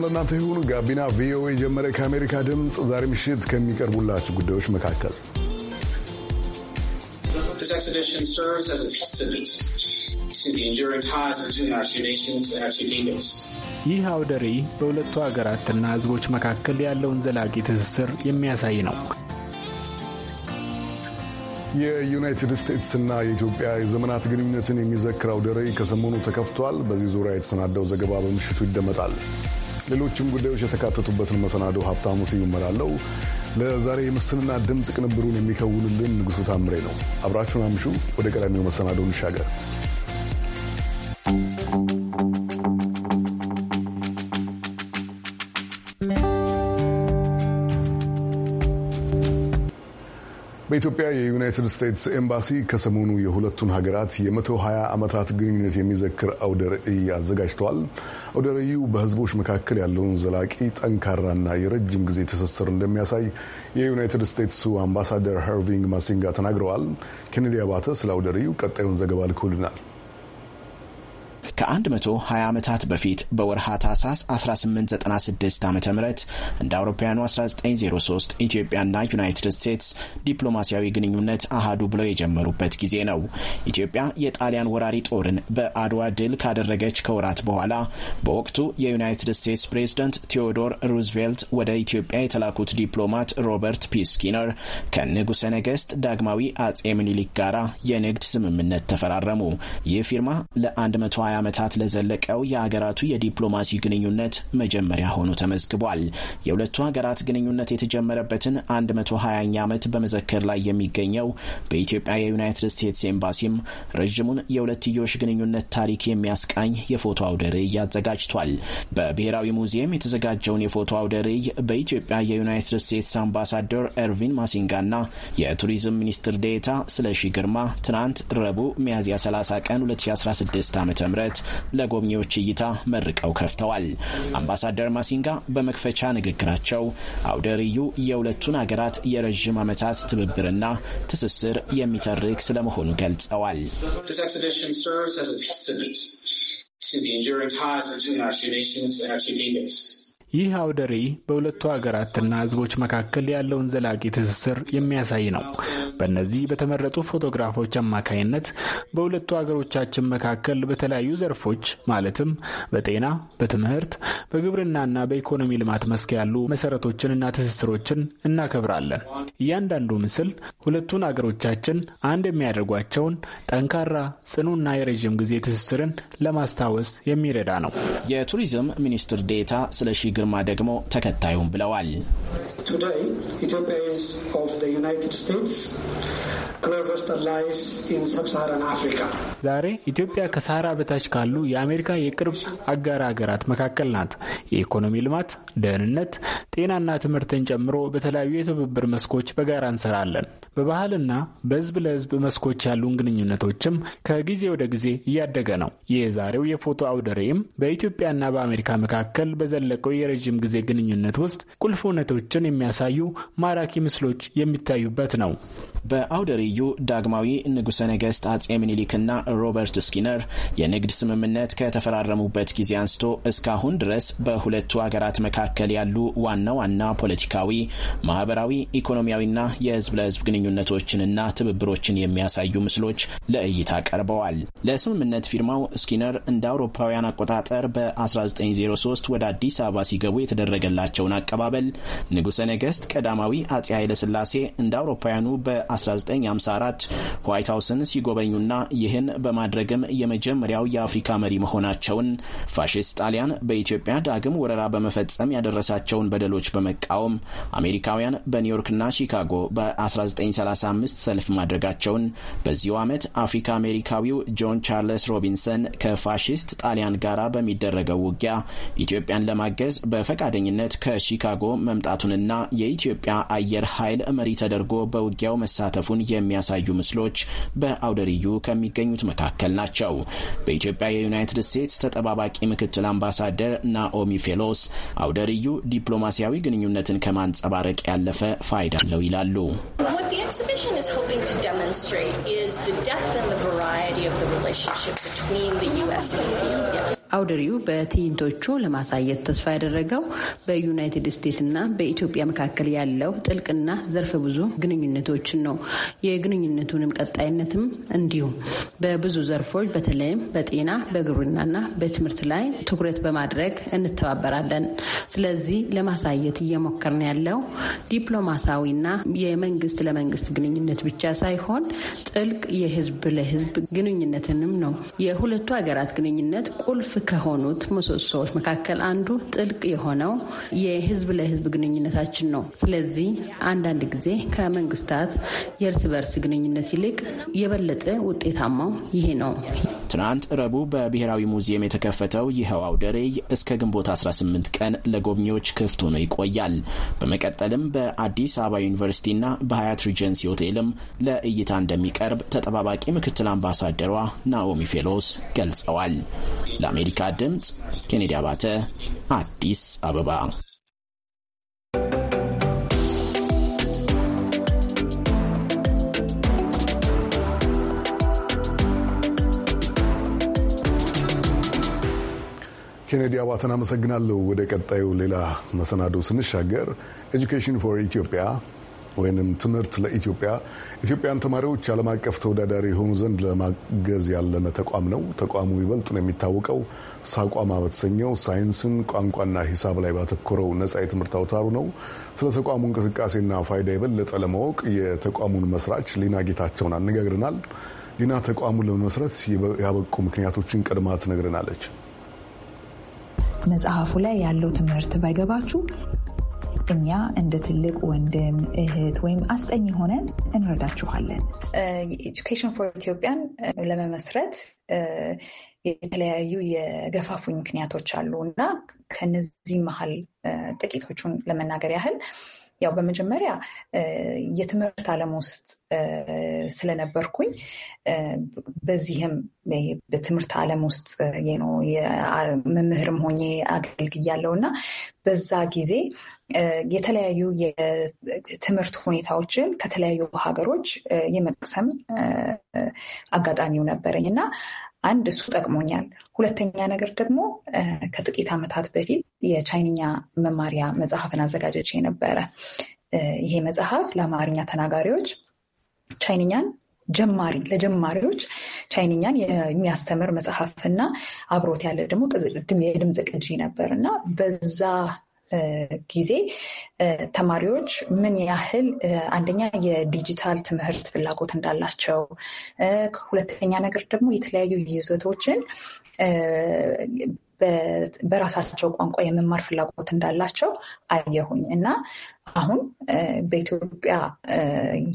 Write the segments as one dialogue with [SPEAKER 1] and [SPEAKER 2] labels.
[SPEAKER 1] ሰላም ለእናንተ ይሁን። ጋቢና ቪኦኤ ጀመረ። ከአሜሪካ ድምፅ ዛሬ ምሽት ከሚቀርቡላችሁ ጉዳዮች መካከል
[SPEAKER 2] ይህ አውደ ርዕይ በሁለቱ ሀገራትና ሕዝቦች መካከል ያለውን ዘላቂ ትስስር የሚያሳይ ነው።
[SPEAKER 1] የዩናይትድ ስቴትስና የኢትዮጵያ የዘመናት ግንኙነትን የሚዘክር አውደ ርዕይ ከሰሞኑ ተከፍቷል። በዚህ ዙሪያ የተሰናዳው ዘገባ በምሽቱ ይደመጣል። ሌሎችም ጉዳዮች የተካተቱበትን መሰናዶ ሀብታሙ ስዩም እመራለሁ። ለዛሬ የምስልና ድምፅ ቅንብሩን የሚከውንልን ንጉሱ ታምሬ ነው። አብራችሁን አምሹ። ወደ ቀዳሚው መሰናዶ እንሻገር። በኢትዮጵያ የዩናይትድ ስቴትስ ኤምባሲ ከሰሞኑ የሁለቱን ሀገራት የ120 ዓመታት ግንኙነት የሚዘክር አውደ ርዕይ አዘጋጅተዋል። አውደ ርዕዩ በህዝቦች መካከል ያለውን ዘላቂ ጠንካራና የረጅም ጊዜ ትስስር እንደሚያሳይ የዩናይትድ ስቴትሱ አምባሳደር ሄርቪንግ ማሲንጋ ተናግረዋል። ኬኔዲ አባተ ስለ አውደ ርዕዩ ቀጣዩን ዘገባ ልኮልናል።
[SPEAKER 3] ከ120 ዓመታት በፊት በወርሃ ታሳስ 1896 ዓ ም እንደ አውሮፓውያኑ 1903 ኢትዮጵያና ዩናይትድ ስቴትስ ዲፕሎማሲያዊ ግንኙነት አሃዱ ብለው የጀመሩበት ጊዜ ነው። ኢትዮጵያ የጣሊያን ወራሪ ጦርን በአድዋ ድል ካደረገች ከወራት በኋላ በወቅቱ የዩናይትድ ስቴትስ ፕሬዝደንት ቴዎዶር ሩዝቬልት ወደ ኢትዮጵያ የተላኩት ዲፕሎማት ሮበርት ፒ ስኪነር ከንጉሠ ነገሥት ዳግማዊ አጼ ምኒልክ ጋራ የንግድ ስምምነት ተፈራረሙ። ይህ ፊርማ ለ120 ዓመት ዓመታት ለዘለቀው የሀገራቱ የዲፕሎማሲ ግንኙነት መጀመሪያ ሆኖ ተመዝግቧል። የሁለቱ ሀገራት ግንኙነት የተጀመረበትን 120ኛ ዓመት በመዘከር ላይ የሚገኘው በኢትዮጵያ የዩናይትድ ስቴትስ ኤምባሲም ረዥሙን የሁለትዮሽ ግንኙነት ታሪክ የሚያስቃኝ የፎቶ አውደ ርዕይ አዘጋጅቷል። በብሔራዊ ሙዚየም የተዘጋጀውን የፎቶ አውደ ርዕይ በኢትዮጵያ የዩናይትድ ስቴትስ አምባሳደር ኤርቪን ማሲንጋና የቱሪዝም ሚኒስትር ዴታ ስለሺ ግርማ ትናንት ረቡዕ ሚያዝያ 30 ቀን 2016 ዓ ም በማለት ለጎብኚዎች እይታ መርቀው ከፍተዋል። አምባሳደር ማሲንጋ በመክፈቻ ንግግራቸው አውደ ርዕዩ የሁለቱን ሀገራት የረዥም ዓመታት ትብብርና ትስስር የሚተርክ ስለመሆኑ ገልጸዋል። ይህ አውደ ርዕይ በሁለቱ
[SPEAKER 2] ሀገራትና ህዝቦች መካከል ያለውን ዘላቂ ትስስር የሚያሳይ ነው። በእነዚህ በተመረጡ ፎቶግራፎች አማካይነት በሁለቱ ሀገሮቻችን መካከል በተለያዩ ዘርፎች ማለትም በጤና፣ በትምህርት፣ በግብርናና በኢኮኖሚ ልማት መስክ ያሉ መሰረቶችንና ትስስሮችን እናከብራለን። እያንዳንዱ ምስል ሁለቱን አገሮቻችን አንድ የሚያደርጓቸውን ጠንካራ ጽኑና የረዥም ጊዜ ትስስርን
[SPEAKER 3] ለማስታወስ የሚረዳ ነው። የቱሪዝም ሚኒስትር ዴታ ስለሺ ግርማ ደግሞ ተከታዩም ብለዋል።
[SPEAKER 2] ዛሬ ኢትዮጵያ ከሳራ በታች ካሉ የአሜሪካ የቅርብ አጋር ሀገራት መካከል ናት። የኢኮኖሚ ልማት፣ ደህንነት፣ ጤናና ትምህርትን ጨምሮ በተለያዩ የትብብር መስኮች በጋራ እንሰራለን። በባህልና በህዝብ ለህዝብ መስኮች ያሉን ግንኙነቶችም ከጊዜ ወደ ጊዜ እያደገ ነው። የዛሬው የፎቶ አውደ ርዕይም በኢትዮጵያና በአሜሪካ መካከል በዘለቀው የረዥም ጊዜ ግንኙነት ውስጥ
[SPEAKER 3] ቁልፍ እውነቶችን የሚያሳዩ ማራኪ ምስሎች የሚታዩበት ነው። በአውደ ርዕዩ ዳግማዊ ንጉሠ ነገሥት አጼ ምኒልክና ሮበርት ስኪነር የንግድ ስምምነት ከተፈራረሙበት ጊዜ አንስቶ እስካሁን ድረስ በሁለቱ ሀገራት መካከል ያሉ ዋና ዋና ፖለቲካዊ፣ ማህበራዊ፣ ኢኮኖሚያዊና የህዝብ ለህዝብ ግንኙነቶችንና ትብብሮችን የሚያሳዩ ምስሎች ለእይታ ቀርበዋል። ለስምምነት ፊርማው ስኪነር እንደ አውሮፓውያን አቆጣጠር በ1903 ወደ አዲስ አበባ ሲ እንዲገቡ የተደረገላቸውን አቀባበል ንጉሠ ነገሥት ቀዳማዊ አጼ ኃይለሥላሴ እንደ አውሮፓውያኑ በ1954 ዋይት ሀውስን ሲጎበኙና ይህን በማድረግም የመጀመሪያው የአፍሪካ መሪ መሆናቸውን ፋሽስት ጣሊያን በኢትዮጵያ ዳግም ወረራ በመፈጸም ያደረሳቸውን በደሎች በመቃወም አሜሪካውያን በኒውዮርክና ሺካጎ በ1935 ሰልፍ ማድረጋቸውን በዚሁ ዓመት አፍሪካ አሜሪካዊው ጆን ቻርለስ ሮቢንሰን ከፋሽስት ጣሊያን ጋር በሚደረገው ውጊያ ኢትዮጵያን ለማገዝ በፈቃደኝነት ከሺካጎ መምጣቱንና የኢትዮጵያ አየር ኃይል መሪ ተደርጎ በውጊያው መሳተፉን የሚያሳዩ ምስሎች በአውደርዩ ከሚገኙት መካከል ናቸው። በኢትዮጵያ የዩናይትድ ስቴትስ ተጠባባቂ ምክትል አምባሳደር ናኦሚ ፌሎስ አውደርዩ ዲፕሎማሲያዊ ግንኙነትን ከማንጸባረቅ ያለፈ ፋይዳ አለው ይላሉ።
[SPEAKER 4] አውደሪው በትዕይንቶቹ ለማሳየት ተስፋ ያደረገው በዩናይትድ ስቴትስና በኢትዮጵያ መካከል ያለው ጥልቅና ዘርፈ ብዙ ግንኙነቶችን ነው። የግንኙነቱንም ቀጣይነትም እንዲሁ በብዙ ዘርፎች በተለይም በጤና በግብርናና በትምህርት ላይ ትኩረት በማድረግ እንተባበራለን። ስለዚህ ለማሳየት እየሞከርን ያለው ዲፕሎማሳዊና የመንግስት ለመንግስት ግንኙነት ብቻ ሳይሆን ጥልቅ የህዝብ ለህዝብ ግንኙነትንም ነው። የሁለቱ ሀገራት ግንኙነት ቁልፍ ከሆኑት ምሰሶዎች መካከል አንዱ ጥልቅ የሆነው የህዝብ ለህዝብ ግንኙነታችን ነው። ስለዚህ አንዳንድ ጊዜ ከመንግስታት የእርስ በርስ ግንኙነት ይልቅ የበለጠ ውጤታማው ይሄ ነው።
[SPEAKER 3] ትናንት ረቡዕ በብሔራዊ ሙዚየም የተከፈተው ይኸው አውደ ርዕይ እስከ ግንቦት 18 ቀን ለጎብኚዎች ክፍት ሆኖ ይቆያል። በመቀጠልም በአዲስ አበባ ዩኒቨርሲቲና በሀያት ሪጀንሲ ሆቴልም ለእይታ እንደሚቀርብ ተጠባባቂ ምክትል አምባሳደሯ ናኦሚ ፌሎስ ገልጸዋል። ለአሜሪካ ድምፅ ኬኔዲ አባተ አዲስ አበባ።
[SPEAKER 1] ኬኔዲ አባተን አመሰግናለሁ። ወደ ቀጣዩ ሌላ መሰናዶ ስንሻገር ኤጁኬሽን ፎር ኢትዮጵያ ወይንም ትምህርት ለኢትዮጵያ ኢትዮጵያን ተማሪዎች ዓለም አቀፍ ተወዳዳሪ የሆኑ ዘንድ ለማገዝ ያለመ ተቋም ነው። ተቋሙ ይበልጡን የሚታወቀው ሳቋማ በተሰኘው ሳይንስን፣ ቋንቋና ሂሳብ ላይ ባተኮረው ነጻ የትምህርት አውታሩ ነው። ስለ ተቋሙ እንቅስቃሴና ፋይዳ የበለጠ ለማወቅ የተቋሙን መስራች ሊና ጌታቸውን አነጋግረናል። ሊና ተቋሙን ለመመስረት ያበቁ ምክንያቶችን ቀድማ ትነግረናለች።
[SPEAKER 5] መጽሐፉ ላይ ያለው ትምህርት ባይገባችሁ እኛ እንደ ትልቅ ወንድም እህት ወይም አስጠኝ ሆነን እንረዳችኋለን። ኤጁኬሽን ፎር ኢትዮጵያን ለመመስረት የተለያዩ የገፋፉኝ ምክንያቶች አሉ እና ከነዚህ መሀል ጥቂቶቹን ለመናገር ያህል ያው በመጀመሪያ የትምህርት ዓለም ውስጥ ስለነበርኩኝ በዚህም በትምህርት ዓለም ውስጥ መምህርም ሆኜ አገልግያለሁ እና በዛ ጊዜ የተለያዩ የትምህርት ሁኔታዎችን ከተለያዩ ሀገሮች የመቅሰም አጋጣሚው ነበረኝ እና አንድ እሱ ጠቅሞኛል። ሁለተኛ ነገር ደግሞ ከጥቂት ዓመታት በፊት የቻይንኛ መማሪያ መጽሐፍን አዘጋጀች የነበረ ይሄ መጽሐፍ ለአማርኛ ተናጋሪዎች ቻይንኛን ጀማሪ ለጀማሪዎች ቻይንኛን የሚያስተምር መጽሐፍና አብሮት ያለ ደግሞ የድምፅ ቅጂ ነበር እና በዛ ጊዜ ተማሪዎች ምን ያህል አንደኛ የዲጂታል ትምህርት ፍላጎት እንዳላቸው፣ ሁለተኛ ነገር ደግሞ የተለያዩ ይዘቶችን በራሳቸው ቋንቋ የመማር ፍላጎት እንዳላቸው አየሁኝ እና አሁን በኢትዮጵያ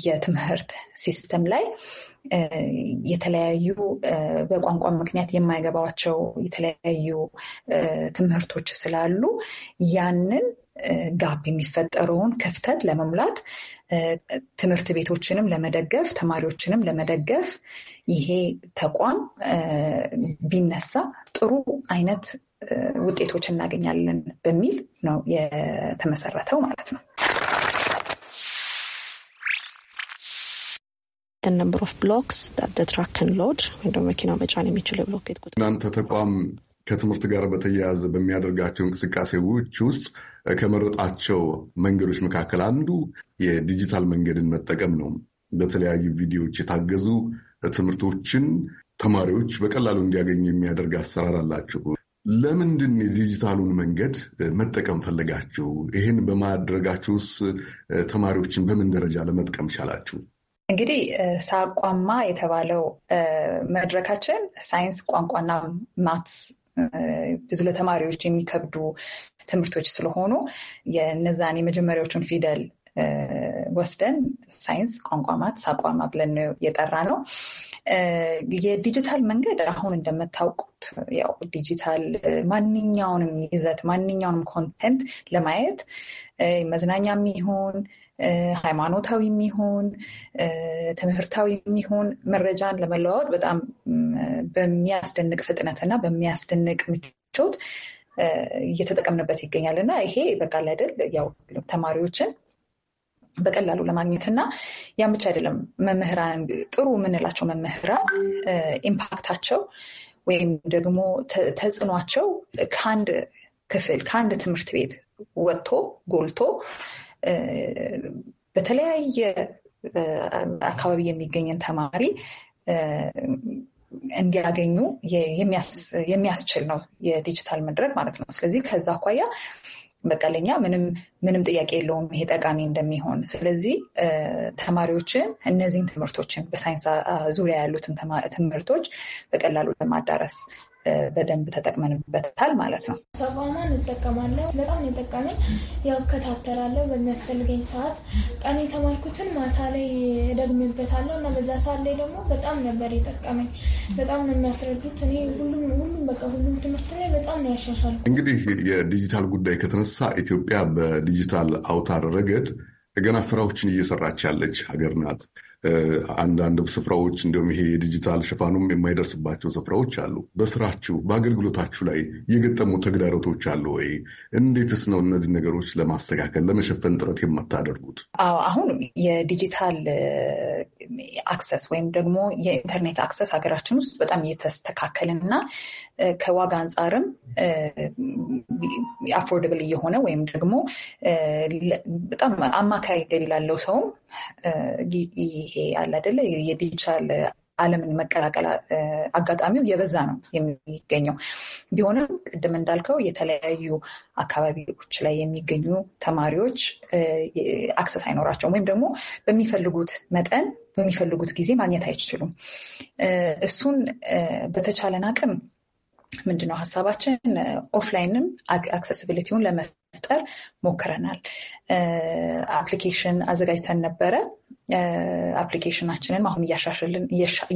[SPEAKER 5] የትምህርት ሲስተም ላይ የተለያዩ በቋንቋ ምክንያት የማይገባቸው የተለያዩ ትምህርቶች ስላሉ ያንን ጋፕ የሚፈጠረውን ክፍተት ለመሙላት ትምህርት ቤቶችንም ለመደገፍ ተማሪዎችንም ለመደገፍ ይሄ ተቋም ቢነሳ ጥሩ አይነት ውጤቶች እናገኛለን በሚል ነው የተመሰረተው ማለት ነው።
[SPEAKER 1] እናንተ ተቋም ከትምህርት ጋር በተያያዘ በሚያደርጋቸው እንቅስቃሴዎች ውስጥ ከመረጣቸው መንገዶች መካከል አንዱ የዲጂታል መንገድን መጠቀም ነው። በተለያዩ ቪዲዮዎች የታገዙ ትምህርቶችን ተማሪዎች በቀላሉ እንዲያገኙ የሚያደርግ አሰራር አላችሁ። ለምንድን የዲጂታሉን መንገድ መጠቀም ፈለጋችሁ? ይህን በማድረጋችሁስ ተማሪዎችን በምን ደረጃ ለመጥቀም ቻላችሁ?
[SPEAKER 5] እንግዲህ ሳቋማ የተባለው መድረካችን ሳይንስ ቋንቋና ማትስ ብዙ ለተማሪዎች የሚከብዱ ትምህርቶች ስለሆኑ የነዛን የመጀመሪያዎቹን ፊደል ወስደን ሳይንስ፣ ቋንቋማት ሳቋማ ብለን ነው የጠራ ነው። የዲጂታል መንገድ አሁን እንደምታውቁት ያው ዲጂታል ማንኛውንም ይዘት ማንኛውንም ኮንተንት ለማየት መዝናኛም ይሁን ሃይማኖታዊ የሚሆን ትምህርታዊ የሚሆን መረጃን ለመለዋወጥ በጣም በሚያስደንቅ ፍጥነት ና በሚያስደንቅ ምቾት እየተጠቀምንበት ይገኛል እና ይሄ በቃል አይደል ያው ተማሪዎችን በቀላሉ ለማግኘት እና ያን ብቻ አይደለም መምህራን ጥሩ የምንላቸው መምህራን ኢምፓክታቸው ወይም ደግሞ ተጽዕኗቸው ከአንድ ክፍል ከአንድ ትምህርት ቤት ወጥቶ ጎልቶ በተለያየ አካባቢ የሚገኝን ተማሪ እንዲያገኙ የሚያስችል ነው የዲጂታል መድረክ ማለት ነው። ስለዚህ ከዛ አኳያ በቀለኛ ምንም ምንም ጥያቄ የለውም ይሄ ጠቃሚ እንደሚሆን። ስለዚህ ተማሪዎችን እነዚህን ትምህርቶችን በሳይንስ ዙሪያ ያሉትን ትምህርቶች በቀላሉ ለማዳረስ በደንብ ተጠቅመንበታል ማለት ነው።
[SPEAKER 4] ሰቋማ እጠቀማለሁ። በጣም የጠቀመኝ ያው እከታተላለሁ። በሚያስፈልገኝ ሰዓት ቀን የተማልኩትን ማታ ላይ እደግምበታለሁ እና በዛ ሰዓት ላይ ደግሞ በጣም ነበር የጠቀመኝ። በጣም ነው የሚያስረዱት። እኔ ሁሉም ሁሉም በቃ ሁሉም
[SPEAKER 3] ትምህርት ላይ በጣም ነው ያሻሻል።
[SPEAKER 1] እንግዲህ የዲጂታል ጉዳይ ከተነሳ ኢትዮጵያ በዲጂታል አውታር ረገድ ገና ስራዎችን እየሰራች ያለች ሀገር ናት። አንዳንድ ስፍራዎች እንዲሁም ይሄ የዲጂታል ሽፋኑም የማይደርስባቸው ስፍራዎች አሉ። በስራችሁ በአገልግሎታችሁ ላይ የገጠሙ ተግዳሮቶች አሉ ወይ? እንዴትስ ነው እነዚህ ነገሮች ለማስተካከል ለመሸፈን ጥረት የምታደርጉት
[SPEAKER 5] አሁን የዲጂታል አክሰስ ወይም ደግሞ የኢንተርኔት አክሰስ ሀገራችን ውስጥ በጣም እየተስተካከልን ከዋጋ አንጻርም አፎርደብል እየሆነ ወይም ደግሞ በጣም አማካይ ገቢ ላለው ሰውም ይሄ አለ አይደለ የዲጂታል ዓለምን መቀላቀል አጋጣሚው የበዛ ነው የሚገኘው። ቢሆንም ቅድም እንዳልከው የተለያዩ አካባቢዎች ላይ የሚገኙ ተማሪዎች አክሰስ አይኖራቸውም ወይም ደግሞ በሚፈልጉት መጠን በሚፈልጉት ጊዜ ማግኘት አይችሉም። እሱን በተቻለን አቅም ምንድነው ሀሳባችን ኦፍላይንም አክሰስቢሊቲውን ለመፍጠር ሞክረናል። አፕሊኬሽን አዘጋጅተን ነበረ። አፕሊኬሽናችንን አሁን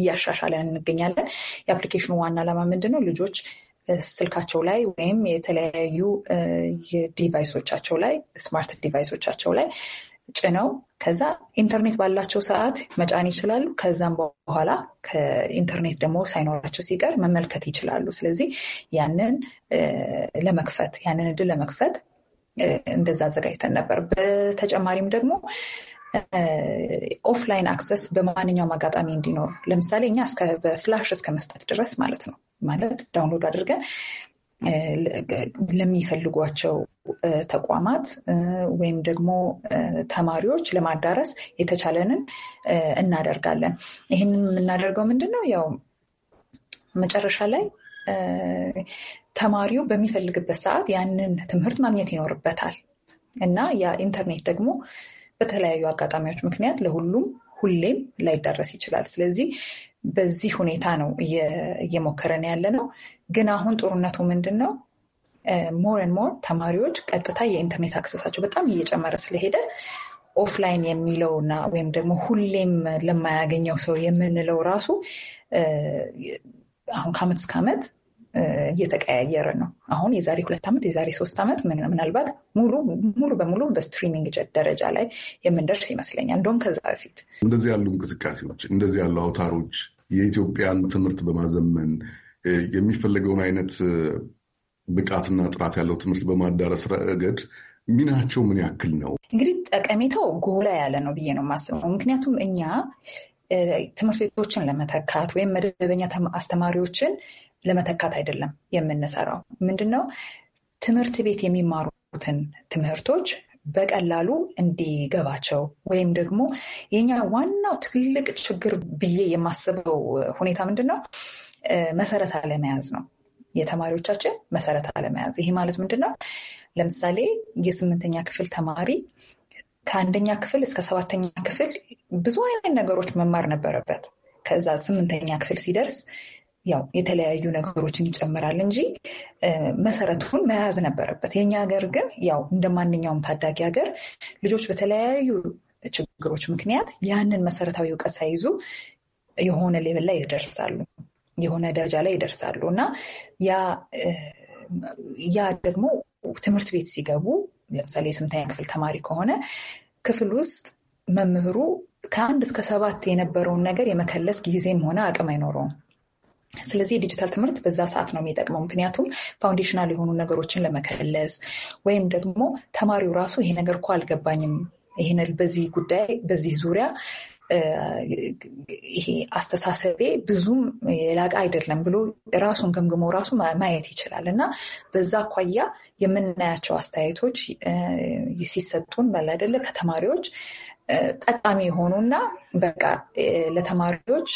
[SPEAKER 5] እያሻሻለን እንገኛለን። የአፕሊኬሽኑ ዋና ዓላማ ምንድነው ልጆች ስልካቸው ላይ ወይም የተለያዩ ዲቫይሶቻቸው ላይ ስማርት ዲቫይሶቻቸው ላይ ጭነው ከዛ ኢንተርኔት ባላቸው ሰዓት መጫን ይችላሉ። ከዛም በኋላ ከኢንተርኔት ደግሞ ሳይኖራቸው ሲቀር መመልከት ይችላሉ። ስለዚህ ያንን ለመክፈት ያንን እድል ለመክፈት እንደዛ አዘጋጅተን ነበር። በተጨማሪም ደግሞ ኦፍላይን አክሰስ በማንኛውም አጋጣሚ እንዲኖር ለምሳሌ እኛ በፍላሽ እስከ መስጠት ድረስ ማለት ነው ማለት ዳውንሎድ አድርገን ለሚፈልጓቸው ተቋማት ወይም ደግሞ ተማሪዎች ለማዳረስ የተቻለንን እናደርጋለን። ይህንን የምናደርገው ምንድን ነው? ያው መጨረሻ ላይ ተማሪው በሚፈልግበት ሰዓት ያንን ትምህርት ማግኘት ይኖርበታል እና ያ ኢንተርኔት ደግሞ በተለያዩ አጋጣሚዎች ምክንያት ለሁሉም ሁሌም ላይዳረስ ይችላል። ስለዚህ በዚህ ሁኔታ ነው እየሞከረን ያለ ነው። ግን አሁን ጦርነቱ ምንድን ነው ሞር ን ሞር ተማሪዎች ቀጥታ የኢንተርኔት አክሰሳቸው በጣም እየጨመረ ስለሄደ ኦፍላይን የሚለውና ወይም ደግሞ ሁሌም ለማያገኘው ሰው የምንለው ራሱ አሁን ከአመት እስከ አመት እየተቀያየረ ነው። አሁን የዛሬ ሁለት ዓመት የዛሬ ሶስት ዓመት ምናልባት ሙሉ በሙሉ በስትሪሚንግ ደረጃ ላይ የምንደርስ ይመስለኛል። እንደውም ከዛ በፊት
[SPEAKER 1] እንደዚህ ያሉ እንቅስቃሴዎች እንደዚህ ያሉ አውታሮች የኢትዮጵያን ትምህርት በማዘመን የሚፈለገውን አይነት ብቃትና ጥራት ያለው ትምህርት በማዳረስ ረገድ ሚናቸው ምን ያክል ነው?
[SPEAKER 5] እንግዲህ ጠቀሜታው ጎላ ያለ ነው ብዬ ነው የማስበው። ምክንያቱም እኛ ትምህርት ቤቶችን ለመተካት ወይም መደበኛ አስተማሪዎችን ለመተካት አይደለም የምንሰራው። ምንድነው ትምህርት ቤት የሚማሩትን ትምህርቶች በቀላሉ እንዲገባቸው ወይም ደግሞ የኛ ዋናው ትልቅ ችግር ብዬ የማስበው ሁኔታ ምንድን ነው መሰረት አለመያዝ ነው። የተማሪዎቻችን መሰረት አለመያዝ። ይሄ ማለት ምንድን ነው? ለምሳሌ የስምንተኛ ክፍል ተማሪ ከአንደኛ ክፍል እስከ ሰባተኛ ክፍል ብዙ አይነት ነገሮች መማር ነበረበት። ከዛ ስምንተኛ ክፍል ሲደርስ ያው የተለያዩ ነገሮችን ይጨምራል እንጂ መሰረቱን መያዝ ነበረበት። የኛ ሀገር ግን ያው እንደ ማንኛውም ታዳጊ ሀገር ልጆች በተለያዩ ችግሮች ምክንያት ያንን መሰረታዊ እውቀት ሳይዙ የሆነ ሌብል ላይ ይደርሳሉ። የሆነ ደረጃ ላይ ይደርሳሉ እና ያ ደግሞ ትምህርት ቤት ሲገቡ ለምሳሌ የስምንተኛ ክፍል ተማሪ ከሆነ ክፍል ውስጥ መምህሩ ከአንድ እስከ ሰባት የነበረውን ነገር የመከለስ ጊዜም ሆነ አቅም አይኖረውም። ስለዚህ የዲጂታል ትምህርት በዛ ሰዓት ነው የሚጠቅመው። ምክንያቱም ፋውንዴሽናል የሆኑ ነገሮችን ለመከለስ ወይም ደግሞ ተማሪው ራሱ ይሄ ነገር እኮ አልገባኝም፣ ይሄ በዚህ ጉዳይ በዚህ ዙሪያ ይሄ አስተሳሰቤ ብዙም የላቀ አይደለም ብሎ ራሱን ገምግሞ ራሱ ማየት ይችላል እና በዛ አኳያ የምናያቸው አስተያየቶች ሲሰጡን በላደለ ከተማሪዎች ጠቃሚ የሆኑና በቃ ለተማሪዎች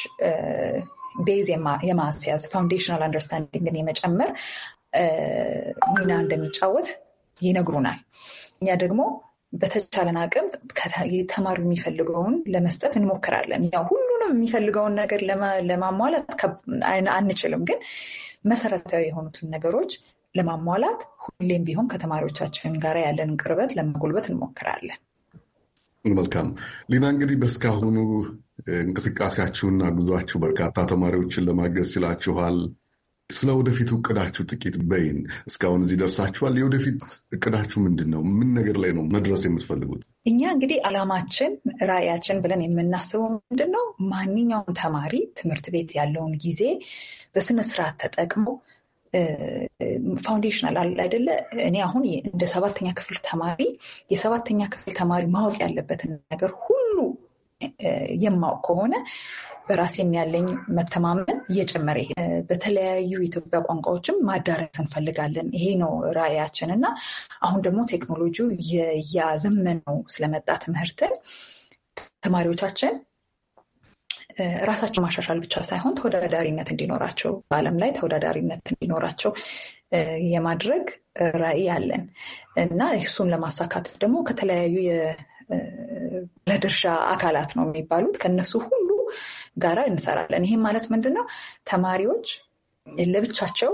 [SPEAKER 5] ቤዝ የማስያዝ ፋውንዴሽናል አንደርስታንዲንግን የመጨመር ሚና እንደሚጫወት ይነግሩናል። እኛ ደግሞ በተቻለን አቅም ተማሪው የሚፈልገውን ለመስጠት እንሞክራለን። ያው ሁሉንም የሚፈልገውን ነገር ለማሟላት አንችልም፣ ግን መሰረታዊ የሆኑትን ነገሮች ለማሟላት ሁሌም ቢሆን ከተማሪዎቻችን ጋር ያለንን ቅርበት ለመጎልበት
[SPEAKER 1] እንሞክራለን። መልካም ሊና፣ እንግዲህ በእስካሁኑ እንቅስቃሴያችሁና ጉዟችሁ በርካታ ተማሪዎችን ለማገዝ ችላችኋል። ስለ ወደፊት እቅዳችሁ ጥቂት በይን። እስካሁን እዚህ ደርሳችኋል። የወደፊት እቅዳችሁ ምንድን ነው? ምን ነገር ላይ ነው መድረስ የምትፈልጉት?
[SPEAKER 5] እኛ እንግዲህ አላማችን ራዕያችን ብለን የምናስበው ምንድን ነው? ማንኛውም ተማሪ ትምህርት ቤት ያለውን ጊዜ በስነስርዓት ተጠቅሞ ፋውንዴሽናል አይደለ? እኔ አሁን እንደ ሰባተኛ ክፍል ተማሪ የሰባተኛ ክፍል ተማሪ ማወቅ ያለበትን ነገር የማውቅ ከሆነ በራሴም ያለኝ መተማመን እየጨመረ በተለያዩ የኢትዮጵያ ቋንቋዎችም ማዳረስ እንፈልጋለን። ይሄ ነው ራዕያችን እና አሁን ደግሞ ቴክኖሎጂው እያዘመነው ስለመጣ ትምህርትን ተማሪዎቻችን ራሳቸው ማሻሻል ብቻ ሳይሆን ተወዳዳሪነት እንዲኖራቸው በዓለም ላይ ተወዳዳሪነት እንዲኖራቸው የማድረግ ራዕይ አለን እና እሱም ለማሳካት ደግሞ ከተለያዩ ለድርሻ አካላት ነው የሚባሉት ከነሱ ሁሉ ጋራ እንሰራለን። ይህም ማለት ምንድን ነው? ተማሪዎች ለብቻቸው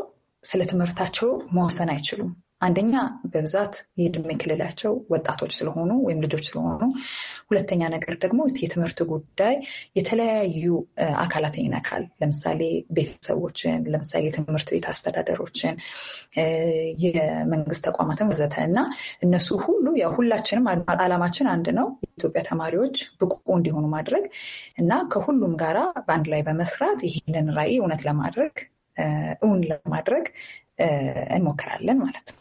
[SPEAKER 5] ስለ ትምህርታቸው መወሰን አይችሉም። አንደኛ በብዛት የእድሜ ክልላቸው ወጣቶች ስለሆኑ ወይም ልጆች ስለሆኑ፣ ሁለተኛ ነገር ደግሞ የትምህርት ጉዳይ የተለያዩ አካላትን ይነካል። ለምሳሌ ቤተሰቦችን፣ ለምሳሌ የትምህርት ቤት አስተዳደሮችን፣ የመንግስት ተቋማትን ወዘተ እና እነሱ ሁሉ ያው ሁላችንም አላማችን አንድ ነው፣ የኢትዮጵያ ተማሪዎች ብቁ እንዲሆኑ ማድረግ እና ከሁሉም ጋራ በአንድ ላይ በመስራት ይህንን ራዕይ እውነት ለማድረግ እውን ለማድረግ እንሞክራለን ማለት ነው።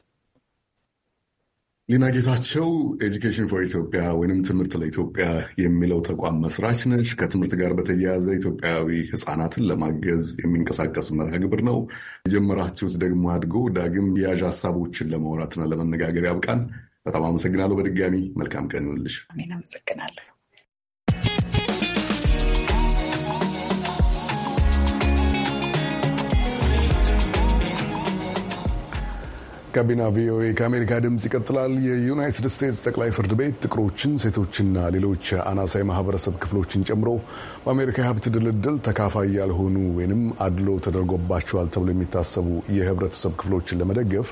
[SPEAKER 1] ሊና ጌታቸው ኤጁኬሽን ፎር ኢትዮጵያ ወይም ትምህርት ለኢትዮጵያ የሚለው ተቋም መስራች ነች። ከትምህርት ጋር በተያያዘ ኢትዮጵያዊ ሕፃናትን ለማገዝ የሚንቀሳቀስ መርሃ ግብር ነው የጀመራችሁት። ደግሞ አድጎ ዳግም የያዥ ሀሳቦችን ለማውራትና ለመነጋገር ያብቃን። በጣም አመሰግናለሁ። በድጋሚ መልካም ቀን ይሁንልሽ። አሜን። አመሰግናለሁ። ጋቢና ቪኦኤ ከአሜሪካ ድምፅ ይቀጥላል። የዩናይትድ ስቴትስ ጠቅላይ ፍርድ ቤት ጥቁሮችን፣ ሴቶችና ሌሎች አናሳ ማህበረሰብ ክፍሎችን ጨምሮ በአሜሪካ የሀብት ድልድል ተካፋይ ያልሆኑ ወይንም አድሎ ተደርጎባቸዋል ተብሎ የሚታሰቡ የህብረተሰብ ክፍሎችን ለመደገፍ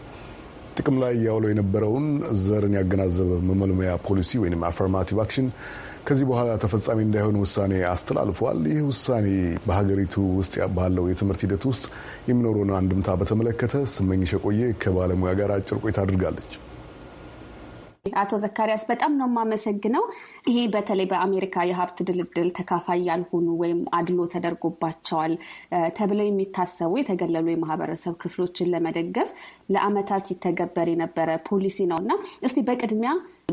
[SPEAKER 1] ጥቅም ላይ ያውለው የነበረውን ዘርን ያገናዘበ መመልመያ ፖሊሲ ወይም አፈርማቲቭ አክሽን ከዚህ በኋላ ተፈጻሚ እንዳይሆን ውሳኔ አስተላልፏል። ይህ ውሳኔ በሀገሪቱ ውስጥ ባለው የትምህርት ሂደት ውስጥ የሚኖረውን አንድምታ በተመለከተ ስመኝሽ የቆየ ከባለሙያ ጋር አጭር ቆይታ አድርጋለች።
[SPEAKER 4] አቶ ዘካሪያስ በጣም ነው የማመሰግነው። ይሄ በተለይ በአሜሪካ የሀብት ድልድል ተካፋይ ያልሆኑ ወይም አድሎ ተደርጎባቸዋል ተብለው የሚታሰቡ የተገለሉ የማህበረሰብ ክፍሎችን ለመደገፍ ለአመታት ይተገበር የነበረ ፖሊሲ ነው እና እስቲ በቅድሚያ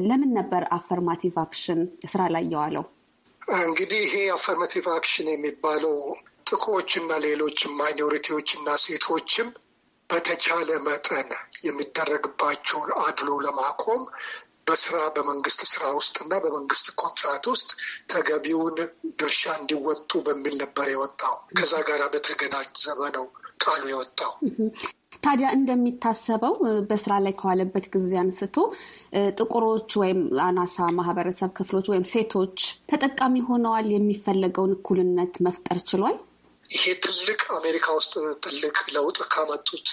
[SPEAKER 4] ለምን ነበር አፈርማቲቭ አክሽን ስራ ላይ የዋለው?
[SPEAKER 6] እንግዲህ ይሄ አፈርማቲቭ አክሽን የሚባለው ጥቁሮችና ሌሎችም ማይኖሪቲዎችና ሴቶችም በተቻለ መጠን የሚደረግባቸውን አድሎ ለማቆም በስራ በመንግስት ስራ ውስጥና በመንግስት ኮንትራት ውስጥ ተገቢውን ድርሻ እንዲወጡ በሚል ነበር የወጣው። ከዛ ጋር በተገናዘበ ነው ቃሉ የወጣው።
[SPEAKER 4] ታዲያ እንደሚታሰበው በስራ ላይ ከዋለበት ጊዜ አንስቶ ጥቁሮች ወይም አናሳ ማህበረሰብ ክፍሎች ወይም ሴቶች ተጠቃሚ ሆነዋል? የሚፈለገውን እኩልነት መፍጠር ችሏል?
[SPEAKER 6] ይሄ ትልቅ አሜሪካ ውስጥ ትልቅ ለውጥ ካመጡት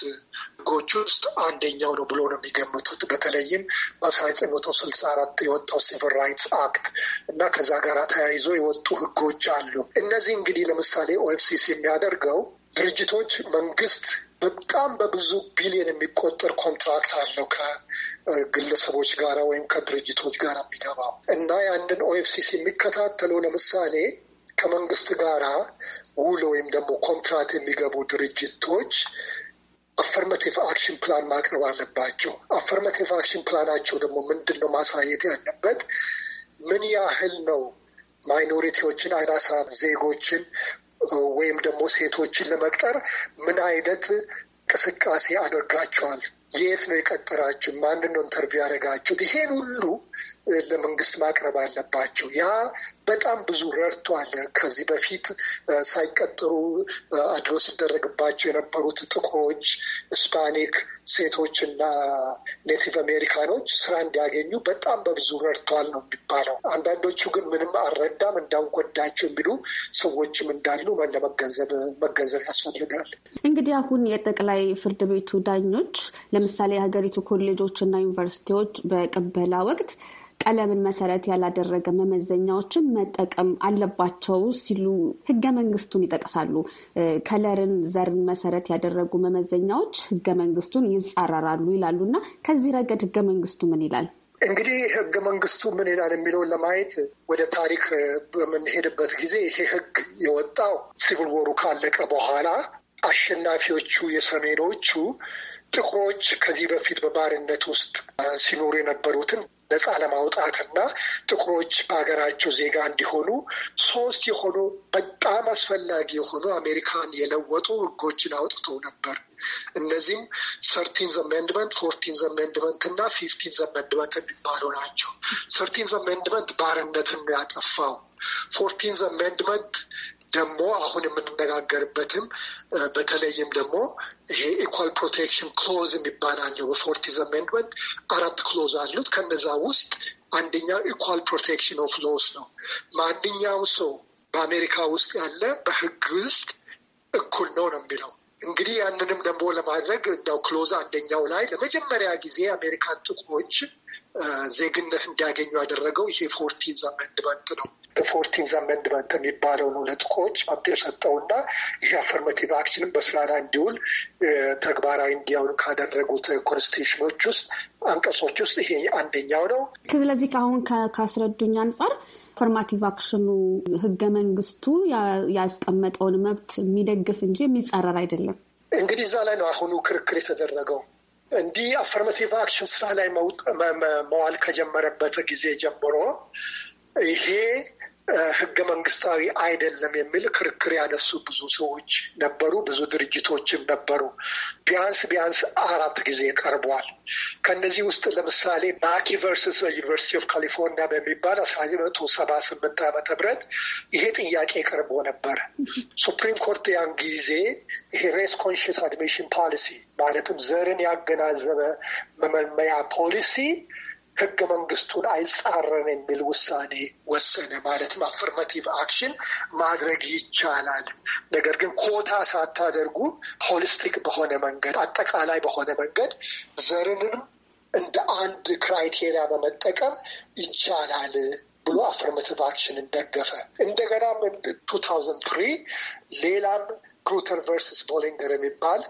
[SPEAKER 6] ህጎች ውስጥ አንደኛው ነው ብሎ ነው የሚገምቱት። በተለይም በአስራ ዘጠኝ መቶ ስልሳ አራት የወጣው ሲቪል ራይትስ አክት እና ከዛ ጋር ተያይዞ የወጡ ህጎች አሉ። እነዚህ እንግዲህ ለምሳሌ ኦኤፍሲሲ የሚያደርገው ድርጅቶች መንግስት በጣም በብዙ ቢሊዮን የሚቆጠር ኮንትራክት አለው ከግለሰቦች ጋር ወይም ከድርጅቶች ጋር የሚገባው እና ያንን ኦኤፍሲሲ የሚከታተለው ለምሳሌ ከመንግስት ጋራ ውል ወይም ደግሞ ኮንትራት የሚገቡ ድርጅቶች አፈርማቲቭ አክሽን ፕላን ማቅረብ አለባቸው። አፈርማቲቭ አክሽን ፕላናቸው ደግሞ ምንድን ነው ማሳየት ያለበት ምን ያህል ነው ማይኖሪቲዎችን፣ አይናሳ ዜጎችን ወይም ደግሞ ሴቶችን ለመቅጠር ምን አይነት እንቅስቃሴ አድርጋችኋል? የት ነው የቀጠራችሁ? ማንን ነው ኢንተርቪው ያደረጋችሁት? ይሄን ሁሉ ለመንግስት ማቅረብ አለባቸው። ያ በጣም ብዙ ረድቷል። ከዚህ በፊት ሳይቀጥሩ አድሮ ሲደረግባቸው የነበሩት ጥቁሮች፣ ስፓኒክ ሴቶች እና ኔቲቭ አሜሪካኖች ስራ እንዲያገኙ በጣም በብዙ ረድተዋል ነው የሚባለው። አንዳንዶቹ ግን ምንም አልረዳም እንዳንጎዳቸው የሚሉ ሰዎችም እንዳሉ ለመገንዘብ መገንዘብ ያስፈልጋል።
[SPEAKER 4] እንግዲህ አሁን የጠቅላይ ፍርድ ቤቱ ዳኞች ለምሳሌ የሀገሪቱ ኮሌጆች እና ዩኒቨርሲቲዎች በቅበላ ወቅት ቀለምን መሰረት ያላደረገ መመዘኛዎችን መጠቀም አለባቸው ሲሉ ህገ መንግስቱን ይጠቅሳሉ። ከለርን፣ ዘርን መሰረት ያደረጉ መመዘኛዎች ህገ መንግስቱን ይጻረራሉ ይላሉ እና ከዚህ ረገድ ህገ መንግስቱ ምን ይላል?
[SPEAKER 6] እንግዲህ ህገ መንግስቱ ምን ይላል የሚለውን ለማየት ወደ ታሪክ በምንሄድበት ጊዜ ይሄ ህግ የወጣው ሲቪል ወሩ ካለቀ በኋላ አሸናፊዎቹ የሰሜኖቹ ጥቁሮች ከዚህ በፊት በባርነት ውስጥ ሲኖሩ የነበሩትን ነጻ ለማውጣትና ጥቁሮች በሀገራቸው ዜጋ እንዲሆኑ ሶስት የሆኑ በጣም አስፈላጊ የሆኑ አሜሪካን የለወጡ ህጎችን አውጥተው ነበር። እነዚህም ሰርቲን አሜንድመንት፣ ፎርቲን አሜንድመንት እና ፊፍቲን አሜንድመንት የሚባሉ ናቸው። ሰርቲን አሜንድመንት ባርነትን ያጠፋው ፎርቲን አሜንድመንት ደግሞ አሁን የምንነጋገርበትም በተለይም ደግሞ ይሄ ኢኳል ፕሮቴክሽን ክሎዝ የሚባል አለው። በፎርቲዝ አሜንድመንት አራት ክሎዝ አሉት። ከነዛ ውስጥ አንደኛው ኢኳል ፕሮቴክሽን ኦፍ ሎስ ነው። ማንኛው ሰው በአሜሪካ ውስጥ ያለ በህግ ውስጥ እኩል ነው ነው የሚለው እንግዲህ ያንንም ደግሞ ለማድረግ እንዳው ክሎዝ አንደኛው ላይ ለመጀመሪያ ጊዜ አሜሪካን ጥቁሮች ዜግነት እንዲያገኙ ያደረገው ይሄ ፎርቲን አሜንድመንት ነው። ፎርቲን አሜንድመንት የሚባለውን ሁለት ቆጭ መብት የሰጠውና ይሄ አፈርማቲቭ አክሽንም በስራ ላይ እንዲውል ተግባራዊ እንዲያውን ካደረጉት ኮንስቲቱሽኖች ውስጥ አንቀጾች ውስጥ ይሄ አንደኛው ነው።
[SPEAKER 4] ስለዚህ ከአሁን ካስረዱኝ አንጻር አፈርማቲቭ አክሽኑ ህገ መንግስቱ ያስቀመጠውን መብት የሚደግፍ እንጂ የሚጻረር አይደለም።
[SPEAKER 6] እንግዲህ እዛ ላይ ነው አሁኑ ክርክር የተደረገው። እንዲህ አፈርማቲቭ አክሽን ስራ ላይ መዋል ከጀመረበት ጊዜ ጀምሮ ይሄ ህገ መንግስታዊ አይደለም የሚል ክርክር ያነሱ ብዙ ሰዎች ነበሩ፣ ብዙ ድርጅቶችም ነበሩ። ቢያንስ ቢያንስ አራት ጊዜ ቀርቧል። ከነዚህ ውስጥ ለምሳሌ ባኪ ቨርስስ ዩኒቨርሲቲ ኦፍ ካሊፎርኒያ በሚባል አስራ ዘጠኝ መቶ ሰባ ስምንት ዓመተ ምህረት ይሄ ጥያቄ ቀርቦ ነበር። ሱፕሪም ኮርት ያን ጊዜ ይሄ ሬስ ኮንሽስ አድሚሽን ፖሊሲ ማለትም ዘርን ያገናዘበ መመያ ፖሊሲ ህገ መንግስቱን አይጻረን የሚል ውሳኔ ወሰነ። ማለትም አፍርማቲቭ አክሽን ማድረግ ይቻላል፣ ነገር ግን ኮታ ሳታደርጉ ሆሊስቲክ በሆነ መንገድ አጠቃላይ በሆነ መንገድ ዘርንንም እንደ አንድ ክራይቴሪያ በመጠቀም ይቻላል ብሎ አፍርማቲቭ አክሽንን ደገፈ። እንደገናም ቱ ታውዘንድ ትሪ ሌላም ግሩተር ቨርስስ ቦሊንገር የሚባል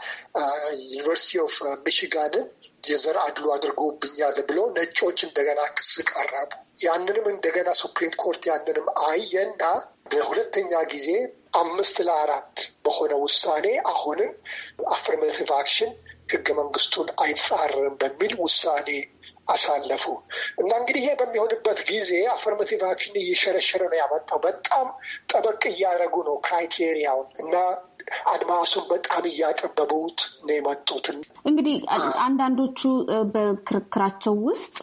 [SPEAKER 6] ዩኒቨርሲቲ ኦፍ ሚሽጋንን የዘር አድሎ አድርጎብኛል ብሎ ነጮች እንደገና ክስ ቀረቡ። ያንንም እንደገና ሱፕሪም ኮርት ያንንም አየና በሁለተኛ ጊዜ አምስት ለአራት በሆነ ውሳኔ አሁንም አፍርሜቲቭ አክሽን ህገ መንግስቱን አይጻርም በሚል ውሳኔ አሳለፉ እና እንግዲህ ይሄ በሚሆንበት ጊዜ አፈርማቲቭ አክሽን እየሸረሸረ ነው ያመጣው። በጣም ጠበቅ እያደረጉ ነው ክራይቴሪያውን እና አድማሱን በጣም እያጠበቡት ነው የመጡት። እንግዲህ
[SPEAKER 4] አንዳንዶቹ በክርክራቸው ውስጥ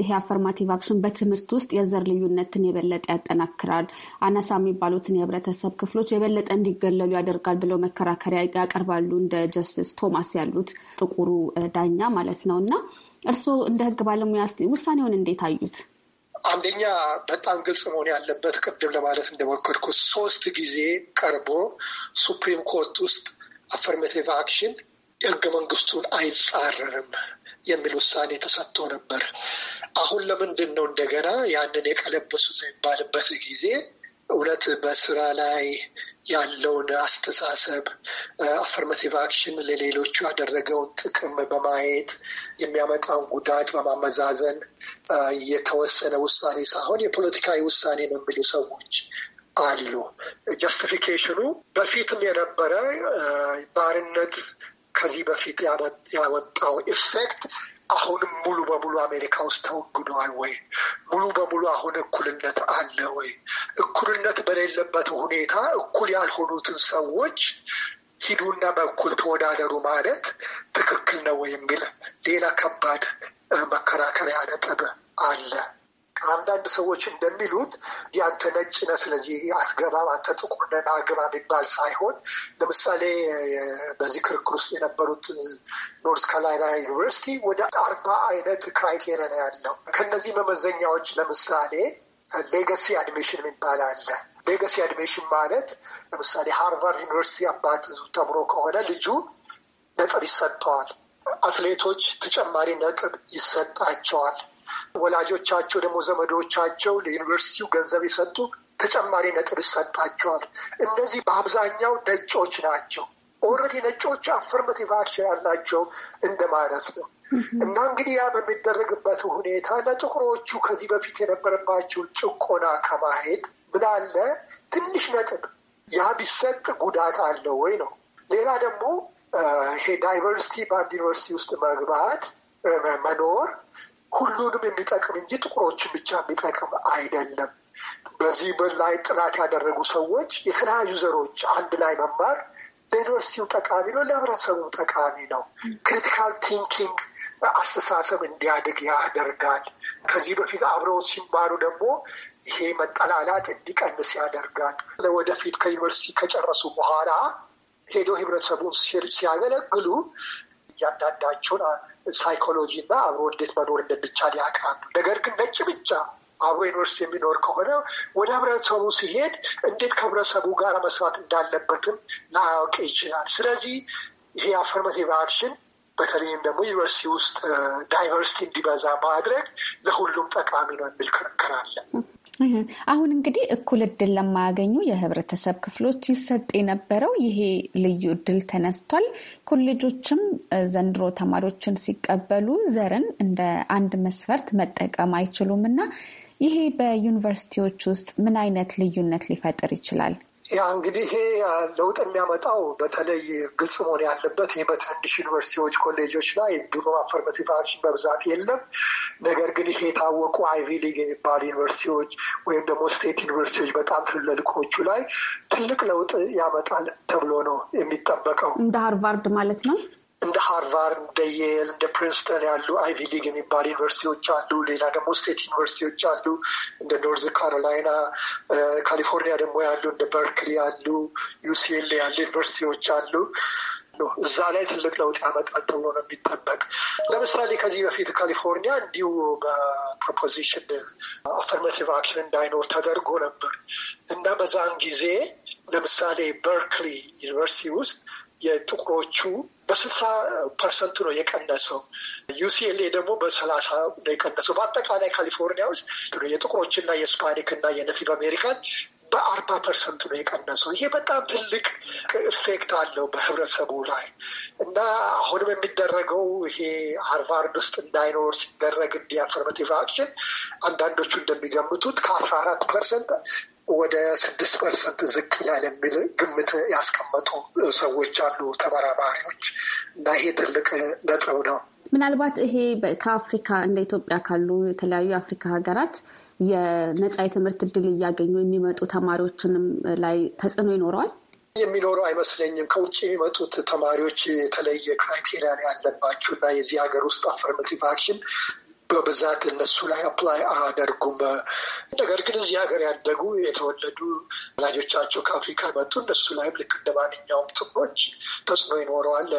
[SPEAKER 4] ይሄ አፈርማቲቭ አክሽን በትምህርት ውስጥ የዘር ልዩነትን የበለጠ ያጠናክራል፣ አነሳ የሚባሉትን የህብረተሰብ ክፍሎች የበለጠ እንዲገለሉ ያደርጋል ብለው መከራከሪያ ያቀርባሉ። እንደ ጀስቲስ ቶማስ ያሉት ጥቁሩ ዳኛ ማለት ነው እና እርስዎ እንደ ህግ ባለሙያ ስ ውሳኔውን እንዴት አዩት?
[SPEAKER 6] አንደኛ በጣም ግልጽ መሆን ያለበት ቅድም ለማለት እንደሞከርኩት ሶስት ጊዜ ቀርቦ ሱፕሪም ኮርት ውስጥ አፈርሜቲቭ አክሽን የህገ መንግስቱን አይጻረርም የሚል ውሳኔ ተሰጥቶ ነበር። አሁን ለምንድን ነው እንደገና ያንን የቀለበሱት የሚባልበት ጊዜ እውነት በስራ ላይ ያለውን አስተሳሰብ አፈርማቲቭ አክሽን ለሌሎቹ ያደረገውን ጥቅም በማየት የሚያመጣውን ጉዳት በማመዛዘን የተወሰነ ውሳኔ ሳይሆን የፖለቲካዊ ውሳኔ ነው የሚሉ ሰዎች አሉ። ጀስቲፊኬሽኑ በፊትም የነበረ ባርነት ከዚህ በፊት ያወጣው ኢፌክት አሁንም ሙሉ በሙሉ አሜሪካ ውስጥ ተወግዷል ወይ? ሙሉ በሙሉ አሁን እኩልነት አለ ወይ? እኩልነት በሌለበት ሁኔታ እኩል ያልሆኑትን ሰዎች ሂዱና በእኩል ተወዳደሩ ማለት ትክክል ነው የሚል ሌላ ከባድ መከራከሪያ ነጥብ አለ። አንዳንድ ሰዎች እንደሚሉት ያንተ ነጭ ነህ፣ ስለዚህ አትገባም፣ አንተ ጥቁር ነህ አግባ የሚባል ሳይሆን ለምሳሌ በዚህ ክርክር ውስጥ የነበሩት ኖርስ ካሮላይና ዩኒቨርሲቲ ወደ አርባ አይነት ክራይቴሪያ ነው ያለው። ከነዚህ መመዘኛዎች ለምሳሌ ሌገሲ አድሚሽን የሚባል አለ። ሌገሲ አድሚሽን ማለት ለምሳሌ ሃርቫርድ ዩኒቨርሲቲ አባት ተምሮ ከሆነ ልጁ ነጥብ ይሰጠዋል። አትሌቶች ተጨማሪ ነጥብ ይሰጣቸዋል። ወላጆቻቸው ደግሞ ዘመዶቻቸው ለዩኒቨርሲቲው ገንዘብ የሰጡ ተጨማሪ ነጥብ ይሰጣቸዋል። እነዚህ በአብዛኛው ነጮች ናቸው። ኦልሬዲ ነጮች አፈርማቲቭ አክሽን ያላቸው እንደማለት ነው። እና እንግዲህ ያ በሚደረግበት ሁኔታ ለጥቁሮቹ ከዚህ በፊት የነበረባቸው ጭቆና ከማሄድ ምናለ ትንሽ ነጥብ ያ ቢሰጥ ጉዳት አለው ወይ ነው። ሌላ ደግሞ ይሄ ዳይቨርሲቲ በአንድ ዩኒቨርሲቲ ውስጥ መግባት መኖር ሁሉንም የሚጠቅም እንጂ ጥቁሮችን ብቻ የሚጠቅም አይደለም። በዚህ ላይ ጥናት ያደረጉ ሰዎች የተለያዩ ዘሮች አንድ ላይ መማር ለዩኒቨርሲቲው ጠቃሚ ነው፣ ለህብረተሰቡ ጠቃሚ ነው። ክሪቲካል ቲንኪንግ አስተሳሰብ እንዲያድግ ያደርጋል። ከዚህ በፊት አብረውት ሲማሩ ደግሞ ይሄ መጠላላት እንዲቀንስ ያደርጋል። ወደፊት ከዩኒቨርሲቲ ከጨረሱ በኋላ ሄዶ ህብረተሰቡን ሲያገለግሉ እያንዳንዳቸውን ሳይኮሎጂ እና አብሮ እንዴት መኖር እንደሚቻል ያውቃሉ። ነገር ግን ነጭ ብቻ አብሮ ዩኒቨርሲቲ የሚኖር ከሆነ ወደ ህብረተሰቡ ሲሄድ እንዴት ከህብረተሰቡ ጋር መስራት እንዳለበትም ላያውቅ ይችላል። ስለዚህ ይሄ አፈርማቲቭ አክሽን በተለይም ደግሞ ዩኒቨርሲቲ ውስጥ ዳይቨርሲቲ እንዲበዛ ማድረግ ለሁሉም ጠቃሚ ነው የሚል ክርክር አለ።
[SPEAKER 4] አሁን እንግዲህ እኩል እድል ለማያገኙ የህብረተሰብ ክፍሎች ይሰጥ የነበረው ይሄ ልዩ እድል ተነስቷል። ኮሌጆችም ዘንድሮ ተማሪዎችን ሲቀበሉ ዘርን እንደ አንድ መስፈርት መጠቀም አይችሉም እና ይሄ በዩኒቨርሲቲዎች ውስጥ ምን አይነት ልዩነት ሊፈጥር ይችላል?
[SPEAKER 6] ያ እንግዲህ ይሄ ለውጥ የሚያመጣው በተለይ ግልጽ መሆን ያለበት ይህ በትንሽ ዩኒቨርሲቲዎች፣ ኮሌጆች ላይ ዲፕሎማ ፋርማሲ በብዛት የለም። ነገር ግን ይሄ የታወቁ አይቪ ሊግ የሚባሉ ዩኒቨርሲቲዎች ወይም ደግሞ ስቴት ዩኒቨርሲቲዎች በጣም ትልልቆቹ ላይ ትልቅ ለውጥ ያመጣል ተብሎ ነው የሚጠበቀው
[SPEAKER 4] እንደ ሃርቫርድ ማለት ነው።
[SPEAKER 6] እንደ ሃርቫርድ፣ እንደ የል፣ እንደ ፕሪንስተን ያሉ አይቪ ሊግ የሚባሉ ዩኒቨርሲቲዎች አሉ። ሌላ ደግሞ ስቴት ዩኒቨርሲቲዎች አሉ። እንደ ኖርዝ ካሮላይና፣ ካሊፎርኒያ ደግሞ ያሉ እንደ በርክሊ ያሉ፣ ዩሲኤል ያሉ ዩኒቨርሲቲዎች አሉ። እዛ ላይ ትልቅ ለውጥ ያመጣል ተብሎ ነው የሚጠበቅ። ለምሳሌ ከዚህ በፊት ካሊፎርኒያ እንዲሁ በፕሮፖዚሽን አፈርማቲቭ አክሽን እንዳይኖር ተደርጎ ነበር እና በዛን ጊዜ ለምሳሌ በርክሊ ዩኒቨርሲቲ ውስጥ የጥቁሮቹ በስልሳ ፐርሰንት ነው የቀነሰው። ዩሲኤልኤ ደግሞ በሰላሳ ነው የቀነሰው። በአጠቃላይ ካሊፎርኒያ ውስጥ የጥቁሮችና የስፓኒክና የነቲቭ አሜሪካን በአርባ ፐርሰንት ነው የቀነሰው። ይሄ በጣም ትልቅ ኢፌክት አለው በህብረተሰቡ ላይ እና አሁንም የሚደረገው ይሄ ሃርቫርድ ውስጥ እንዳይኖር ሲደረግ እንዲ አፈርማቲቭ አክሽን አንዳንዶቹ እንደሚገምቱት ከአስራ አራት ፐርሰንት ወደ ስድስት ፐርሰንት ዝቅ ይላል የሚል ግምት ያስቀመጡ ሰዎች አሉ፣ ተመራማሪዎች እና ይሄ ትልቅ ነጥብ ነው።
[SPEAKER 4] ምናልባት ይሄ ከአፍሪካ እንደ ኢትዮጵያ ካሉ የተለያዩ የአፍሪካ ሀገራት የነጻ የትምህርት እድል እያገኙ የሚመጡ ተማሪዎችንም ላይ ተጽዕኖ ይኖረዋል
[SPEAKER 6] የሚኖረው አይመስለኝም። ከውጭ የሚመጡት ተማሪዎች የተለየ ክራይቴሪያ ያለባቸው እና የዚህ ሀገር ውስጥ አፈርማቲቭ አክሽን በብዛት እነሱ ላይ አፕላይ አያደርጉም። ነገር ግን እዚህ ሀገር ያደጉ የተወለዱ ወላጆቻቸው ከአፍሪካ መጡ እነሱ ላይም ልክ እንደ ማንኛውም ጥቁሮች ተጽዕኖ ይኖረዋል።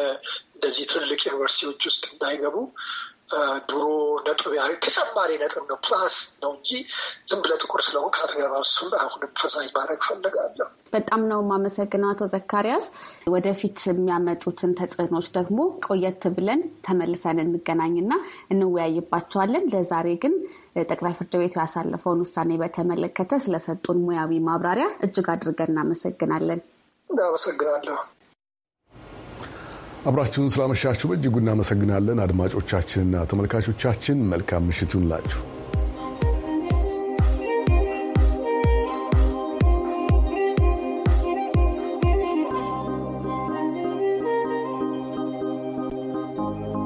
[SPEAKER 6] እንደዚህ ትልልቅ ዩኒቨርሲቲዎች ውስጥ እንዳይገቡ ድሮ ነጥብ ያ ተጨማሪ ነጥብ ነው፣ ፕላስ ነው እንጂ ዝም ብለህ ጥቁር ስለሆንክ አትገባም። እሱን አሁንም ፈሳሽ ማድረግ ፈልጋለሁ።
[SPEAKER 4] በጣም ነው የማመሰግነው አቶ ዘካርያስ። ወደፊት የሚያመጡትን ተጽዕኖች ደግሞ ቆየት ብለን ተመልሰን እንገናኝና እንወያይባቸዋለን። ለዛሬ ግን ጠቅላይ ፍርድ ቤቱ ያሳለፈውን ውሳኔ በተመለከተ ስለሰጡን ሙያዊ ማብራሪያ እጅግ አድርገን እናመሰግናለን።
[SPEAKER 6] እናመሰግናለሁ።
[SPEAKER 1] አብራችሁን ስላመሻችሁ በእጅጉ እናመሰግናለን። አድማጮቻችንና ተመልካቾቻችን መልካም ምሽቱን ላችሁ።